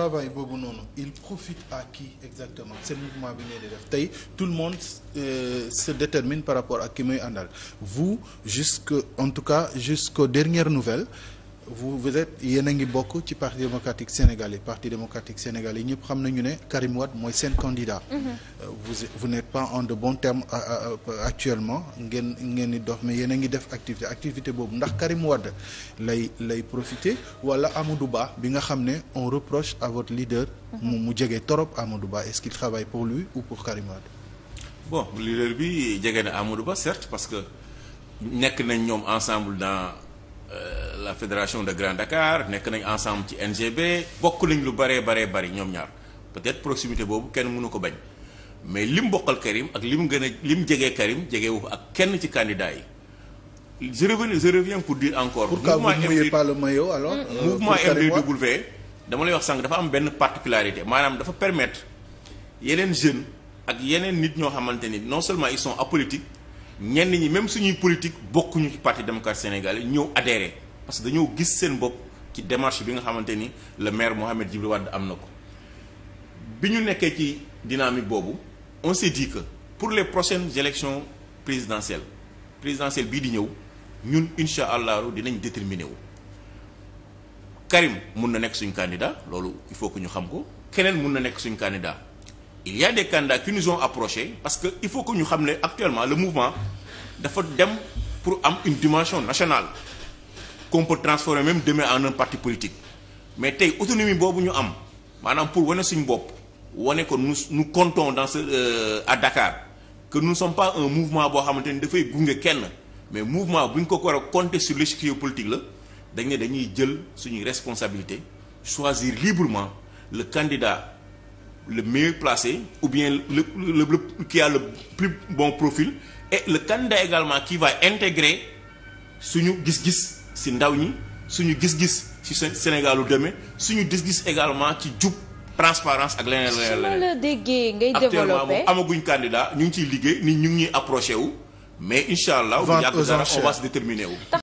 travail boobu noonu il profite à qui exactement seen mouvement bi ngeen di def tey tout le monde euh, se détermine par rapport ak ki muy àndal vous jusque en tout cas jusqu'aux dernières nouvelles vous vous êtes yéen ngi bokk ci parti démocratique sénégalais parti démocratique sénégalais ñëpp xam nañu ne Karim Wade mooy seen candidat. Mhm. Euh, vous vous n'êtes pas en de bons termes euh, euh, actuellement ngeen ngeen di dox mais a ngi def activité activité boobu ndax Karim Wade lay lay profiter wala Amadou Ba bi nga xam ne on reproche à votre leader. Mhm. mu mu jege trop Amadou Ba est-ce qu'il travaille pour lui ou pour Karim Wade. bon leader bi jege na Amadou Ba certes parce que nekk nañ ñoom ensemble dans. Euh, la fédération de Grand Dakar nekk nañ ensemble ci NGB bokk nañ lu baree baree bari ñoom ñaar peut-être proximité boobu kenn mënu ko bañ mais lim bokkal Karim ak lim gën a lim jege Karim jegewu ko ak kenn ci candidat yi. je reviens je reviens pour dire encore. pourquoi vous ne mouillez pas le maillot alors. Euh, euh, mouvement lay wax sànq dafa am benn particularité maanaam dafa permettre yeneen jeunes ak yeneen nit ñoo xamante ni non seulement ils sont apolitiques ñenn ñi même suñuy politique bokkuñu ci parti démocrate sénégalais ñëw adhéré. parce que dañoo gis seen bopp ci démarche bi nga xamante ni le maire Mohamed Djibril Wade am na ko bi ñu nekkee ci dynamique boobu on di dit pour les prochaines élections présidentielles présidentielle bii di ñëw ñun incha allahu dinañ déterminer wu Karim mun na nekk suñ candidat loolu il faut que ñu xam ko keneen mun na nekk suñ candidat il y a des candidats qui nous ont parce que il faut que ñu xam ne actuellement le mouvement dafa dem pour am une nationale qu'on peut transformer même demain en un parti politique mais tey autonomie boobu ñu am maanaam pour wane suñu bopp wane ko nous nous comptons dans ce euh, à Dakar que nu ne sommes pas un mouvement boo xamante ni dafay gunge kenn mais mouvement bu ñu ko war a compter sur l'échiquier politique la dañ ne dañuy jël suñuy responsabilité choisir librement le candidat le meilleur placé ou bien le, le, le yàlla a plus bon profil et le candidat également qui va intégrer suñu gis-gis si ndaw ñi suñu gis-gis si Sénégalu deme suñu dis gis également ci jub transparence ak leneen leneen leneen. su ma la déggee ngay actuellement moom amaguñ candidat ñu ngi ciy liggéey nit ñu ngi ñuy approché wu mais incha allah. bu yàgg dara on va se wu.